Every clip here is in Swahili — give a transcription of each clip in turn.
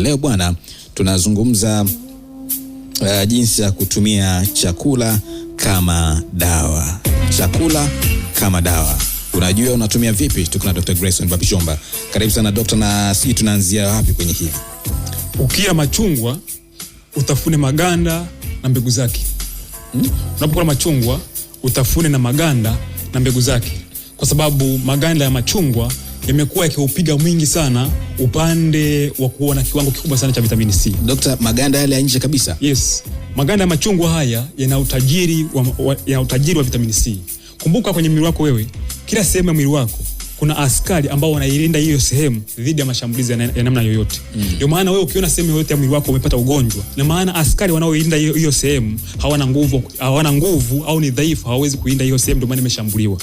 Leo bwana, tunazungumza uh, jinsi ya kutumia chakula kama dawa. Chakula kama dawa, unajua unatumia vipi? Tuko na Dr. Grayson Babishomba, karibu sana dokta. Na sijui tunaanzia wapi kwenye hili? Ukia machungwa utafune maganda na mbegu zake hmm? Unapokula machungwa utafune na maganda na mbegu zake, kwa sababu maganda ya machungwa yamekuwa yakiupiga mwingi sana upande wa kuwa na kiwango kikubwa sana cha vitamini C. Dokta, maganda yale ya nje kabisa? Yes, maganda ya machungwa haya yana utajiri wa, wa, ya utajiri wa vitamini C. Kumbuka kwenye mwili wako wewe, kila sehemu ya mwili wako kuna askari ambao wanailinda hiyo sehemu dhidi ya mashambulizi ya, namna yoyote. Mm. Ndio mm. maana wewe ukiona sehemu yoyote ya mwili wako umepata ugonjwa, na maana askari wanaoilinda hiyo sehemu hawana nguvu, hawana nguvu au ni dhaifu, hawawezi kuinda hiyo sehemu, ndio maana imeshambuliwa.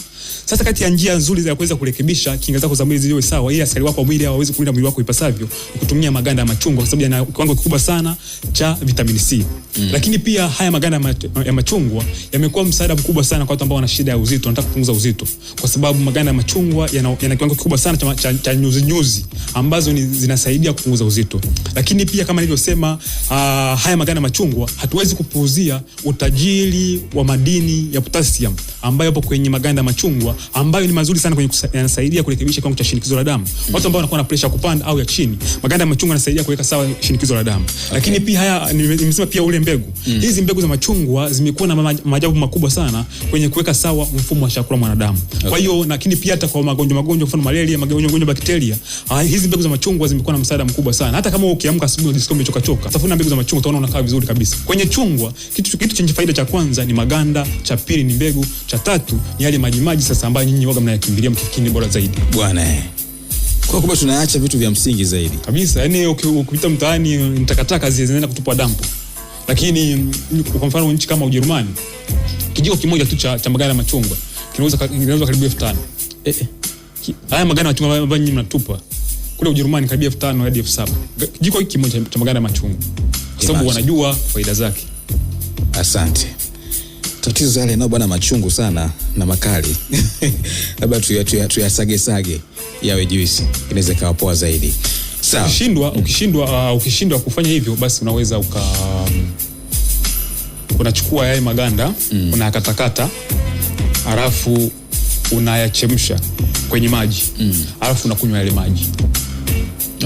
Sasa kati ya njia nzuri za kuweza kurekebisha kinga zako za mwili ziwe sawa, ili askari wako wa mwili hawawezi kulinda mwili wako ipasavyo, kutumia maganda ya machungwa, kwa sababu yana kiwango kikubwa sana cha vitamini C mm. Lakini pia haya maganda ya machungwa yamekuwa msaada mkubwa sana kwa watu ambao wana shida ya uzito, wanataka kupunguza uzito, kwa sababu maganda ya machungwa yana yana, kiwango kikubwa sana cha, cha, cha nyuzi nyuzi ambazo ni, zinasaidia kupunguza uzito. Lakini pia kama nilivyosema, uh, haya maganda machungwa hatuwezi kupuuzia utajiri wa madini ya potassium ambayo yapo kwenye maganda machungwa ambayo ni mazuri sana kwenye yanasaidia kurekebisha kiwango cha shinikizo la damu. Mm. Watu ambao wanakuwa na pressure kupanda au ya chini, maganda ya machungwa yanasaidia kuweka sawa shinikizo la damu. Okay. Lakini pia haya nimesema pia ule mbegu. Mm. Hizi mbegu za machungwa zimekuwa na maajabu makubwa sana kwenye kuweka sawa mfumo wa chakula mwanadamu. Okay. Kwa hiyo lakini pia hata kwa magonjwa magonjwa, mfano malaria, magonjwa ya bakteria. Ah, hizi mbegu za machungwa zimekuwa na msaada mkubwa sana. Hata kama ukiamka asubuhi unajisikia umechoka choka, safuna mbegu za machungwa utaona unakaa vizuri kabisa. Kwenye chungwa, kitu kitu chenye faida cha kwanza ni maganda, cha pili ni mbegu, cha tatu ni yale maji maji sasa ambayo nyinyi waga mnayakimbilia mkifikini bora zaidi. Bwana Kwa kuwa tunaacha vitu vya msingi zaidi kabisa, yani ukipita mtaani nitakataka zinaenda kutupwa dampo, lakini mm, kwa mfano nchi kama Ujerumani kijiko kimoja tu cha, cha maganda ya machungwa kinauza karibu elfu tano eh, eh haya maganda machungwa ambayo nyinyi mnatupa kule Ujerumani karibia elfu tano hadi elfu saba kijiko hiki kimoja cha maganda machungwa, kwa sababu wanajua faida zake. Asante. Tatizo yale nao bwana, machungu sana na makali labda tuyasage sage yawe juisi, inaweza ikawa poa zaidi. Sawa, ukishindwa ukishindwa uh, ukishindwa kufanya hivyo, basi unaweza uka um, unachukua yale maganda mm, unayakatakata alafu unayachemsha kwenye maji mm. alafu unakunywa yale maji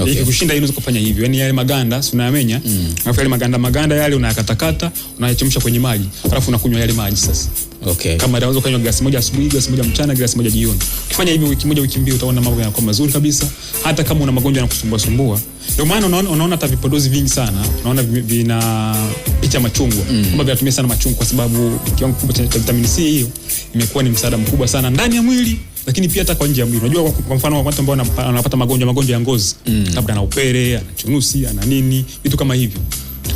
okay. ikikushinda unaweza kufanya hivyo yani yale maganda si unayamenya mm. alafu yale maganda maganda yale unayakatakata unayachemsha kwenye maji alafu unakunywa yale maji sasa Okay. Kama unaweza kunywa glasi moja asubuhi, glasi moja mchana, glasi moja jioni. Ukifanya hivyo wiki moja, wiki mbili utaona mambo yanakuwa mazuri kabisa. Hata kama una magonjwa yanakusumbua sumbua. Ndio maana unaona unaona hata vipodozi vingi sana, unaona vina picha machungwa. Mm. Kwamba vinatumia sana machungwa kwa sababu kiwango kikubwa cha vitamini C hiyo imekuwa ni msaada mkubwa sana ndani ya mwili lakini pia hata kwa nje ya mwili. Unajua kwa mfano watu ambao wanapata magonjwa magonjwa ya ngozi, mm. labda mm. ana upele, ana chunusi, ana nini, vitu kama hivyo.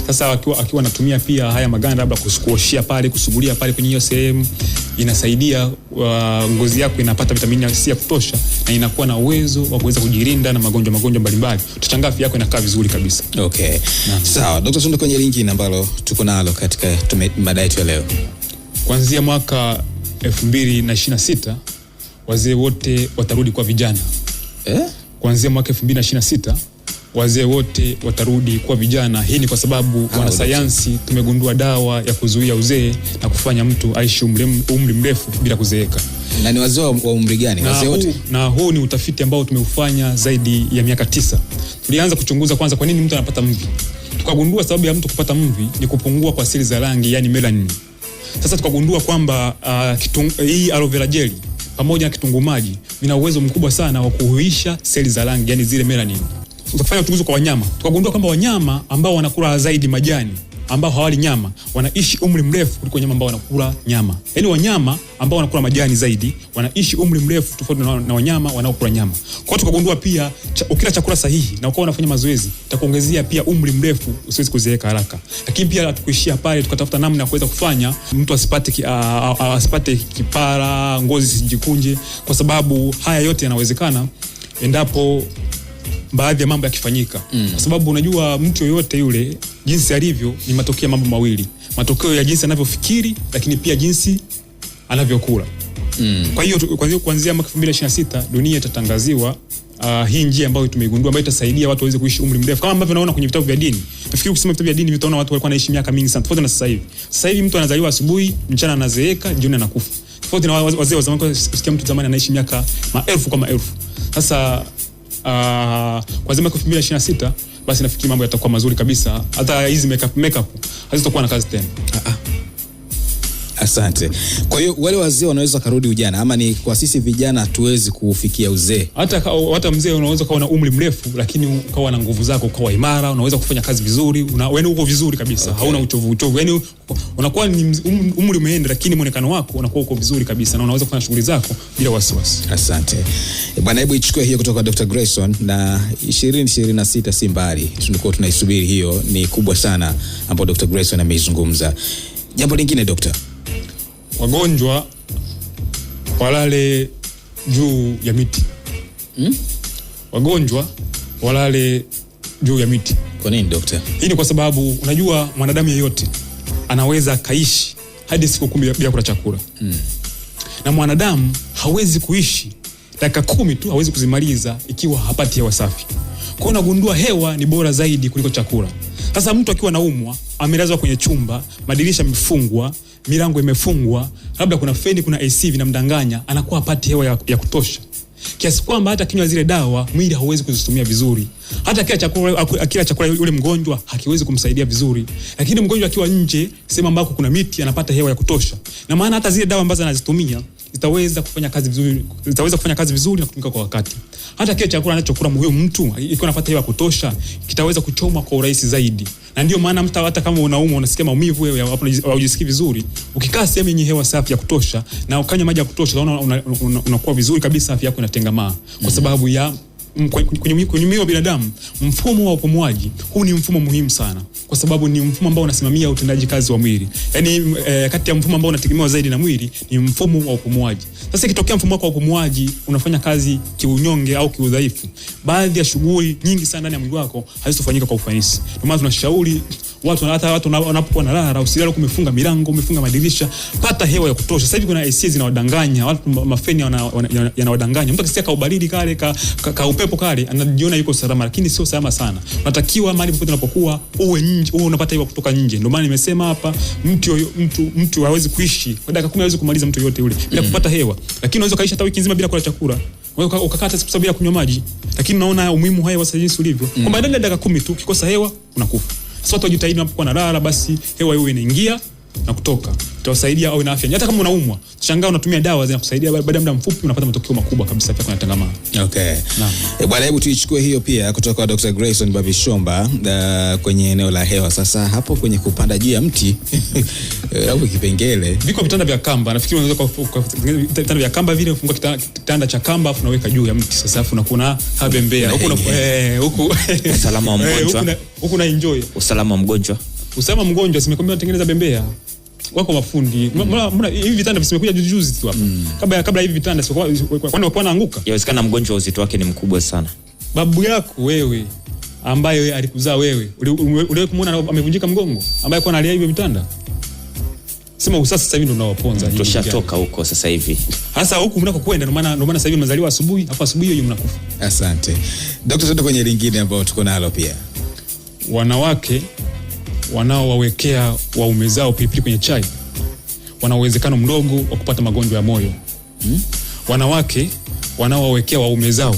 Sasa akiwa akiwa anatumia pia haya maganda labda kuoshia pale, kusugulia pale kwenye hiyo sehemu, inasaidia uh, ngozi yako inapata vitamini C ya kutosha na inakuwa na uwezo wa kuweza kujilinda na magonjwa magonjwa mbalimbali. Utachanga afya yako inakaa vizuri kabisa. Okay, sawa Dr. Sunde kwenye lingine ambalo tuko nalo katika mada yetu leo, kuanzia mwaka 2026 wazee wote watarudi kwa vijana eh? Kuanzia mwaka 2026 wazee wote watarudi kuwa vijana. Hii ni kwa sababu wanasayansi tumegundua dawa ya kuzuia uzee na kufanya mtu aishi umri mrefu bila kuzeeka. Na ni wazee wa umri gani? Wazee wote? Na huu ni utafiti ambao tumeufanya zaidi ya miaka tisa. Tulianza kuchunguza kwanza kwa nini mtu anapata mvi. Tukagundua sababu ya mtu kupata mvi ni kupungua kwa seli za rangi, yani melanin. Sasa tukagundua kwamba uh, hii aloe vera gel pamoja na kitunguu maji vina uwezo mkubwa sana wa kuhuisha seli za rangi, yani zile melanin tukafanya uchunguzi kwa wanyama tukagundua kwamba wanyama ambao wanakula zaidi majani ambao hawali nyama wanaishi umri mrefu kuliko wanyama ambao wanakula nyama. Yaani wanyama ambao wanakula majani zaidi wanaishi umri mrefu tofauti na, wanyama wanaokula nyama. Kwa hiyo tukagundua pia cha, ukila chakula sahihi na ukawa unafanya mazoezi takuongezea pia umri mrefu usiwezi kuzeeka haraka. Lakini pia tukuishia pale, tukatafuta namna ya kuweza kufanya mtu asipate ki, asipate kipara, ngozi sijikunje, kwa sababu haya yote yanawezekana endapo baadhi ya mambo yakifanyika mm. Kwa sababu unajua mtu yoyote yule jinsi alivyo ni matokeo ya mambo mawili, matokeo ya jinsi anavyofikiri, lakini pia jinsi anavyokula mm. Kwa hiyo kuanzia mwaka 2026 dunia itatangaziwa Uh, hii njia ambayo tumeigundua ambayo itasaidia watu waweze kuishi umri mrefu kama ambavyo naona kwenye vitabu vya dini. Nafikiri ukisoma vitabu vya dini vitaona watu walikuwa wanaishi miaka mingi sana tofauti na sasa hivi. Sasa hivi mtu anazaliwa asubuhi, mchana anazeeka, jioni anakufa. Tofauti na wazee wa zamani, Kwa sababu mtu zamani anaishi miaka maelfu kwa maelfu. Sasa uh, kuanzia mwaka sita basi nafikiri mambo yatakuwa mazuri kabisa, hata hizi makeup makeup hazitakuwa na kazi tena. uh -uh. Asante. Kwa hiyo wale wazee wanaweza karudi ujana, ama ni kwa sisi vijana hatuwezi kufikia uzee? Hata hata mzee unaweza kuwa na umri mrefu, lakini ukawa na nguvu zako, ukawa imara, unaweza kufanya kazi vizuri, yaani uko vizuri kabisa, okay. Hauna uchovu uchovu, yani unakuwa ni um-, umri umeenda, lakini mwonekano wako unakuwa uko vizuri kabisa na unaweza kufanya shughuli zako bila wasiwasi. Asante bwana, hebu ichukue hiyo kutoka Dr. Grayson na 2026 si mbali, tulikuwa tunaisubiri hiyo, ni kubwa sana ambayo Dr. Grayson ameizungumza. Jambo lingine Dokta, wagonjwa walale juu ya miti hmm? Wagonjwa walale juu ya miti. Kwa nini daktari? Hii ni kwa sababu unajua mwanadamu yeyote anaweza akaishi hadi siku kumi bila kula chakula hmm. Na mwanadamu hawezi kuishi dakika kumi tu, hawezi kuzimaliza ikiwa hapati hewa safi. Kwa hiyo unagundua hewa ni bora zaidi kuliko chakula. Sasa mtu akiwa naumwa amelazwa kwenye chumba, madirisha amefungwa milango imefungwa, labda kuna feni, kuna AC vinamdanganya, anakuwa apati hewa ya, ya kutosha kiasi kwamba hata kinywa zile dawa mwili hauwezi kuzitumia vizuri, hata kila chakula, kila chakula yule mgonjwa hakiwezi kumsaidia vizuri. Lakini mgonjwa akiwa nje sehemu ambako kuna miti, anapata hewa ya kutosha, na maana hata zile dawa ambazo anazitumia zitaweza kufanya kazi vizuri, zitaweza kufanya kazi vizuri na kutumika kwa wakati. Hata kile chakula anachokula huyo mtu ikiwa anapata hewa kutosha, kitaweza kuchomwa kwa urahisi zaidi. Na ndio maana mtu hata kama unaumwa, unasikia maumivu, wewe hujisikii vizuri, ukikaa sehemu yenye hewa safi ya kutosha na ukanywa maji ya kutosha, unaona unakuwa vizuri kabisa, afya yako inatengamaa kwa sababu ya kwenye binadamu, mfumo wa upumuaji huu ni mfumo muhimu sana, kwa sababu ni mfumo ambao unasimamia utendaji kazi wa mwili. Yani e, eh, kati ya mfumo ambao unategemewa zaidi na mwili ni mfumo wa upumuaji. Sasa ikitokea mfumo wako wa upumuaji unafanya kazi kiunyonge au kiudhaifu, baadhi ya shughuli nyingi sana ndani ya mwili wako hazitofanyika kwa ufanisi. Ndio maana tunashauri watu hata watu wanapokuwa na raha, usijali kumefunga milango, umefunga madirisha, pata hewa ya kutosha. Sasa hivi kuna AC zinawadanganya watu, mafeni yanawadanganya. Mtu akisikia kaubaridi kale ka, ka, ka upepo kale anajiona yuko salama, lakini sio salama sana. natakiwa mahali popote unapokuwa uwe nje, uwe unapata hewa kutoka nje. Ndio maana nimesema hapa, mtu mtu mtu hawezi kuishi kwa dakika kumi hawezi kumaliza mtu yote yule bila mm. kupata hewa, lakini unaweza kaisha hata wiki nzima bila kula chakula ukakata siku sababu ya kunywa maji, lakini naona umuhimu wa hewa sasa jinsi ulivyo, mm. kwamba ndani ya dakika kumi tu ukikosa hewa unakufa. Sasa watu wajitahidi unapokuwa na lala, basi hewa hiyo inaingia na kutoka itawasaidia au ina afya. Hata kama unaumwa, shangaa unatumia dawa zinakusaidia, baada ya muda mfupi unapata matokeo makubwa kabisa, pia afya tangamana Okay. Naam. E, bwana, hebu tuichukue hiyo pia kutoka kwa Dr. Grayson Babishomba uh, kwenye eneo la hewa. Sasa hapo kwenye kupanda juu ya mti e, au kipengele, viko vitanda vya kamba, nafikiri unaweza kwa vitanda vya kamba vile, ufunga kitanda cha kamba afu unaweka juu ya mti. Sasa afu unakuwa habembea huko huko, usalama wa eh, mgonjwa, huko na enjoy usalama wa mgonjwa Usama mgonjwa, simekwambia natengeneza bembea wako mafundi mbona mm. hivi vitanda visimekuja juzi juzi tu hapa mm. kabla kabla hivi vitanda sio kwani wakuwa naanguka yawezekana mgonjwa uzito wake ni mkubwa sana babu yako wewe ambaye alikuzaa wewe uliwahi kumuona amevunjika mgongo ambaye kwa analia hivi vitanda sema usasa sasa hivi ndo unawaponza mm. tushatoka huko sasa hivi hasa huku mnako kwenda ndio maana ndio maana sasa hivi mnazaliwa asubuhi afu asubuhi hiyo mnakufa asante daktari tuende kwenye lingine ambao tuko nalo pia wanawake wanaowawekea waume zao pilipili kwenye chai wana uwezekano mdogo wa kupata magonjwa ya moyo hmm? Wanawake wanaowawekea waume zao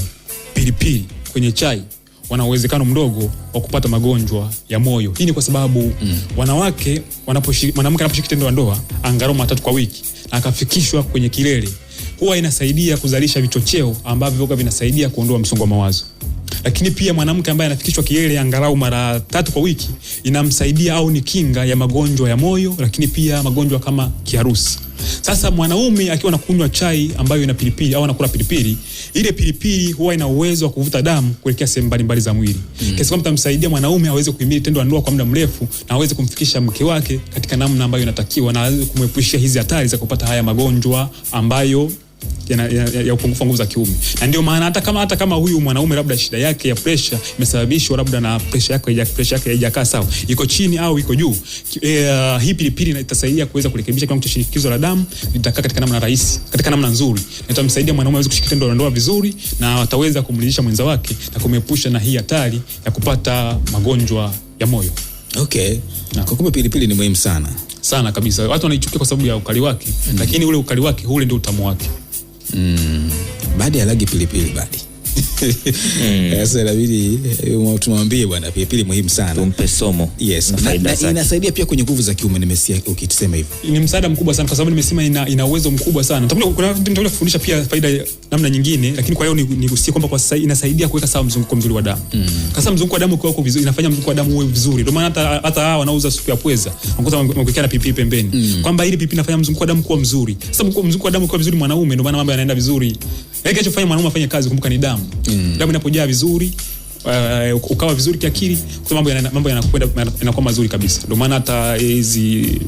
pilipili kwenye chai wana uwezekano mdogo wa kupata magonjwa ya moyo. Hii ni kwa sababu mm. wanawake mwanamke anaposhiriki tendo la ndoa angalau mara tatu kwa wiki na akafikishwa kwenye kilele, huwa inasaidia kuzalisha vichocheo ambavyo vinasaidia kuondoa msongo wa mawazo. Lakini pia mwanamke ambaye anafikishwa kiele angalau mara tatu kwa wiki inamsaidia au ni kinga ya magonjwa ya moyo, lakini pia magonjwa kama kiharusi. Sasa mwanaume akiwa anakunywa chai ambayo ina pilipili au anakula pilipili, ile pilipili huwa ina uwezo wa kuvuta damu kuelekea sehemu mbalimbali za mwili mm. kiasi kwamba tamsaidia mwanaume aweze kuhimili tendo la ndoa kwa muda mrefu na aweze kumfikisha mke wake katika namna ambayo inatakiwa na kumwepushia hizi hatari za kupata haya magonjwa ambayo ya, ya, ya, ya wa nguvu za kiume, ndio maana hata kama hata kama huyu mwanaume labda shida yake ya pressure imesababishwa labda na pressure yake haijakaa sawa, iko chini au iko juu e, uh, hii pilipili itasaidia kuweza kurekebisha kiwango cha shinikizo la damu, litakaa katika namna rahisi, katika namna nzuri, itamsaidia mwanaume aweze kushika tendo la ndoa vizuri, na ataweza kumridhisha mwenza wake na kumepusha na hii hatari ya kupata magonjwa ya moyo. Okay, kwa kumbe pilipili ni muhimu sana sana kabisa. Watu wanaichukia kwa sababu ya ukali wake, mm -hmm. Lakini ule ukali wake ule ndio utamu wake mm. Badi alagi pilipili Badi Hmm. Sasa inabidi eh, tumwambie bwana, pilipili muhimu sana, tumpe somo. Yes, inasaidia pia kwenye nguvu za kiume, nimesikia ukisema hivyo. Ni msaada mkubwa sana, kwa sababu nimesema ina, ina uwezo mkubwa sana. Kuna nitakuja kufundisha pia faida namna nyingine, lakini kwa leo nigusie kwamba kwa sasa inasaidia kuweka sawa mzunguko mzuri wa damu. Hmm. Sasa mzunguko wa damu ukiwa uko vizuri, inafanya mzunguko wa damu uwe vizuri. Ndio maana hata hawa wanauza supu ya pweza wanakuta wamekuwekea na pilipili pembeni, hmm. kwamba ili pipi inafanya mzunguko wa damu kuwa mzuri. Sasa mzunguko wa damu ukiwa vizuri mwanaume, ndio maana mambo yanaenda vizuri. Yaani kinachofanya mwanamume afanye kazi kumbuka ni damu. Mm. Damu inapojaa vizuri uh, ukawa vizuri kiakili, kwa mambo yana, mambo yanakwenda yanakuwa mazuri kabisa. Ndio maana hata eh, hizi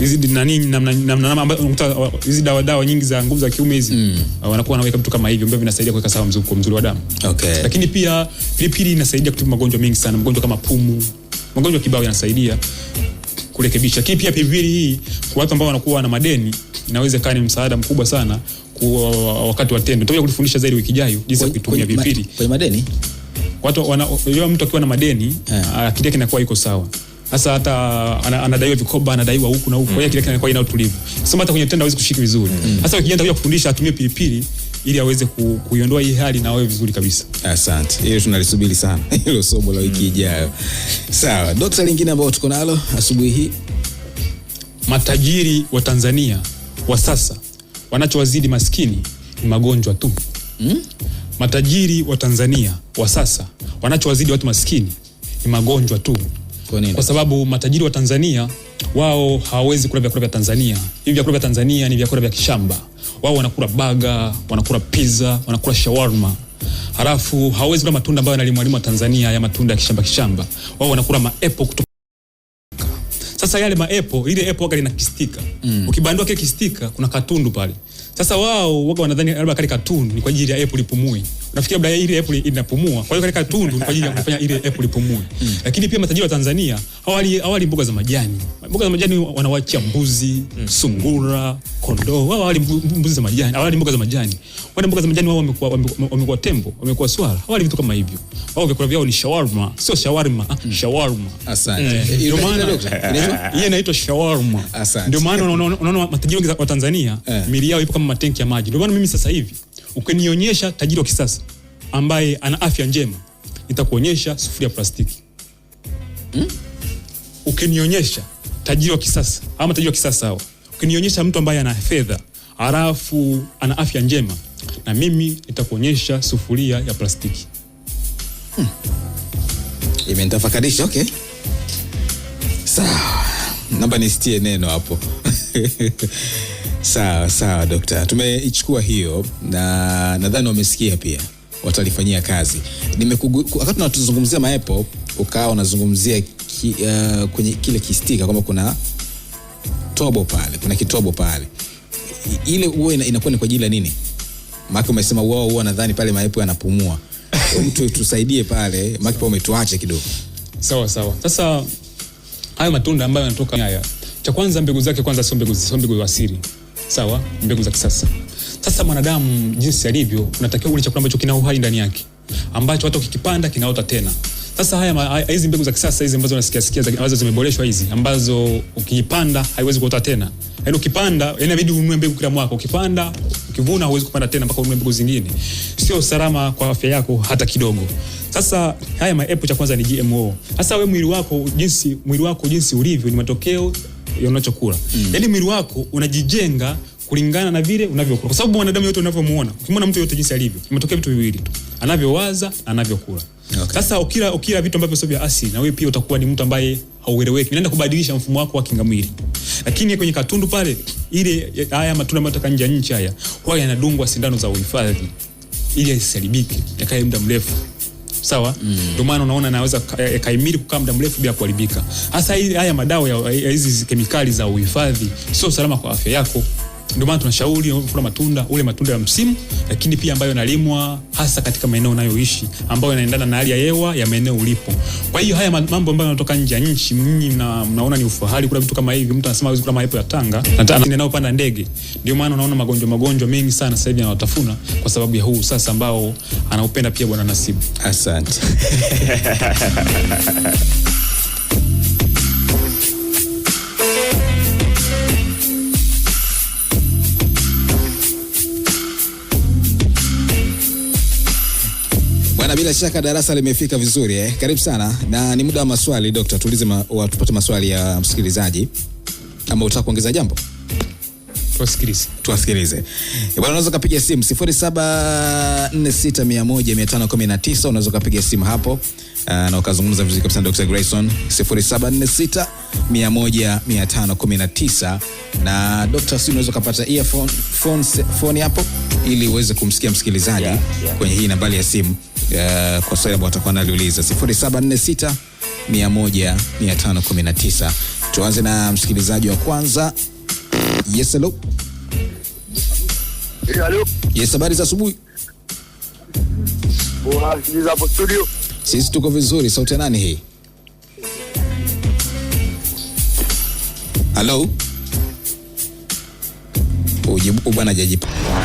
hizi nani namna namna ambayo unakuta uh, hizi dawa dawa nyingi za nguvu za kiume hizi mm. Uh, wanakuwa wanaweka vitu kama hivyo ambavyo vinasaidia kuweka sawa mzunguko mzuri wa damu. Okay. Lakini pia pilipili inasaidia kutibu magonjwa mengi sana, magonjwa kama pumu, magonjwa kibao yanasaidia kurekebisha. Lakini pia pilipili hii kwa watu ambao wanakuwa na madeni inaweza ikawa ni msaada mkubwa sana wakati wa tendo. Tutakuja kufundisha zaidi wiki ijayo jinsi ya kutumia vipiri kwenye madeni. Watu wana, wanaelewa mtu akiwa na madeni eh. ah, akili yake inakuwa iko sawa. Sasa hata anadaiwa vikoba, anadaiwa huku na huko, yeye mm. kile kinakuwa ina utulivu. Sasa hata kwenye tendo hawezi kushika vizuri. Mm. Sasa wiki ijayo kufundisha atumie pilipili ili aweze ku, kuiondoa hii hali na awe vizuri kabisa. Asante, hiyo tunalisubiri sana hilo somo la wiki mm. ijayo. Sawa, dokta lingine ambao tuko nalo asubuhi hii, matajiri wa Tanzania wa sasa Wanachowazidi maskini ni magonjwa tu mm? Matajiri wa Tanzania wa sasa wanachowazidi watu maskini ni magonjwa tu. Kwa Kwa sababu matajiri wa Tanzania wao hawawezi kula vyakula vya Tanzania. Hivi vyakula vya Tanzania ni vyakula vya kishamba. Wao wanakula baga, wanakula pizza, wanakula shawarma. Halafu hawawezi kula matunda ambayo yanalimwalimu wa Tanzania ya matunda ya kishamba kishamba. Wao wanakula maepo kutu- sasa yale maepo, ile epo waga lina kistika. Mm. Ukibandua kile kistika kuna katundu pale. Sasa wao waga wanadhani labda kale katundu ni kwa ajili ya epo lipumui nafikiri labda ile apple inapumua. Kwa hiyo katika tundu kwa ajili ya kufanya ile apple ipumue. Mm. Lakini pia matajiri wa Tanzania hawali hawali mboga za majani. Mboga za majani wanawachia mbuzi, mm. sungura, kondoo. Wao hawali mbuzi za majani, hawali mboga za majani. Wale mboga za majani wao wamekuwa wamekuwa tembo, wamekuwa swala. Hawali vitu kama hivyo. Wao vyakula vyao ni shawarma, sio shawarma, mm. shawarma. Asante. Eh, ndio maana yeye inaitwa shawarma. Asante. Ndio maana unaona matajiri wa Tanzania eh. mili yao ipo kama matenki ya maji. Ndio maana mimi sasa hivi ukinionyesha tajiri wa kisasa ambaye ana afya njema nitakuonyesha sufuria plastiki hmm? Ukinionyesha tajiri wa kisasa ama tajiri wa kisasa hawa, ukinionyesha mtu ambaye ana fedha halafu ana afya njema, na mimi nitakuonyesha sufuria ya plastiki hmm. Imenitafakarisha. Okay, sawa, namba nisitie neno hapo Sawa sawa dokta, tumeichukua hiyo na nadhani wamesikia pia, watalifanyia kazi. Wakati tunazungumzia maepo, ukawa unazungumzia ki, uh, kwenye kile kistika kwamba kuna tobo pale, kuna kitobo pale, ile huwa inakuwa ni kwa ajili ya nini? Maana umesema wao huwa nadhani pale maepo yanapumua mtu tusaidie pale, maana pa umetuache kidogo. Sawa sawa. Sasa hayo matunda ambayo yanatoka haya, cha kwanza mbegu zake kwanza sio mbegu, sio mbegu asili sawa, mbegu za kisasa. Sasa mwanadamu jinsi alivyo, unatakiwa ule chakula ambacho kina uhai ndani yake, ambacho hata ukikipanda kinaota tena. Sasa haya hizi mbegu za kisasa hizi ambazo unasikia sikia ambazo zimeboreshwa hizi ambazo ukipanda haiwezi kuota tena. Yaani ukipanda, yaani inabidi ununue mbegu kila mwaka. Ukipanda, ukivuna huwezi kupanda tena mpaka ununue mbegu zingine. Sio salama kwa afya yako hata kidogo. Sasa haya maepo cha kwanza ni GMO. Sasa wewe mwili wako jinsi mwili wako jinsi ulivyo ni matokeo unachokula mm. yani mwili wako unajijenga kulingana na vile unavyokula, kwa sababu mwanadamu yote unavyomuona, ukimwona mtu yote jinsi alivyo, imetokea vitu viwili tu, anavyowaza na anavyokula. okay. Sasa Ukila ukila vitu ambavyo sio vya asili, na wewe pia utakuwa ni mtu ambaye haueleweki, inaenda kubadilisha mfumo wako wa kinga mwili. Lakini kwenye katundu pale, ile haya matunda ambayo toka nje ya nchi haya, huwa yanadungwa sindano za uhifadhi ili yasiharibike, yakae muda mrefu sawa mm. ndio mm. maana unaona naweza eh, kaimiri kukaa muda mrefu bila kuharibika hasa haya madawa ya hizi kemikali za uhifadhi sio salama kwa afya yako ndio maana tunashauri kula matunda, ule matunda ya msimu, lakini pia ambayo yanalimwa hasa katika maeneo unayoishi ambayo yanaendana na hali ya hewa ya maeneo ulipo. Kwa hiyo haya mambo ambayo yanatoka nje ya nchi, mimi na mnaona ni ufahari kula vitu kama hivi. Mtu anasema hawezi kula maepo ya Tanga panda ndege. Ndio maana unaona magonjwa magonjwa mengi sana sasa hivi yanawatafuna kwa sababu ya huu sasa ambao anaupenda pia Bwana Nasibu. Asante. Bana, bila shaka darasa limefika vizuri eh. Karibu sana na ni muda wa maswali dokta, tuulize ma, tupate maswali ya msikilizaji ama utaka kuongeza jambo? Tuwasikilize. Tuwasikilize. Eh, bwana unaweza kupiga simu 0746100519 unaweza kupiga simu hapo Eh, na ukazungumza vizuri kabisa Dr. Grayson 0746 na Dr. si unaweza kupata earphone phone phone hapo ili uweze kumsikia msikilizaji yeah, yeah. kwenye hii nambari ya simu uh, kwa swali ambalo atakuwa analiuliza 0746 Tuanze na msikilizaji wa kwanza. Yes, hello. Hello. Yes, habari za asubuhi. Poa, hapo studio. Sisi tuko vizuri. Sauti ya nani hii? Halo, ujibu bwana jajipa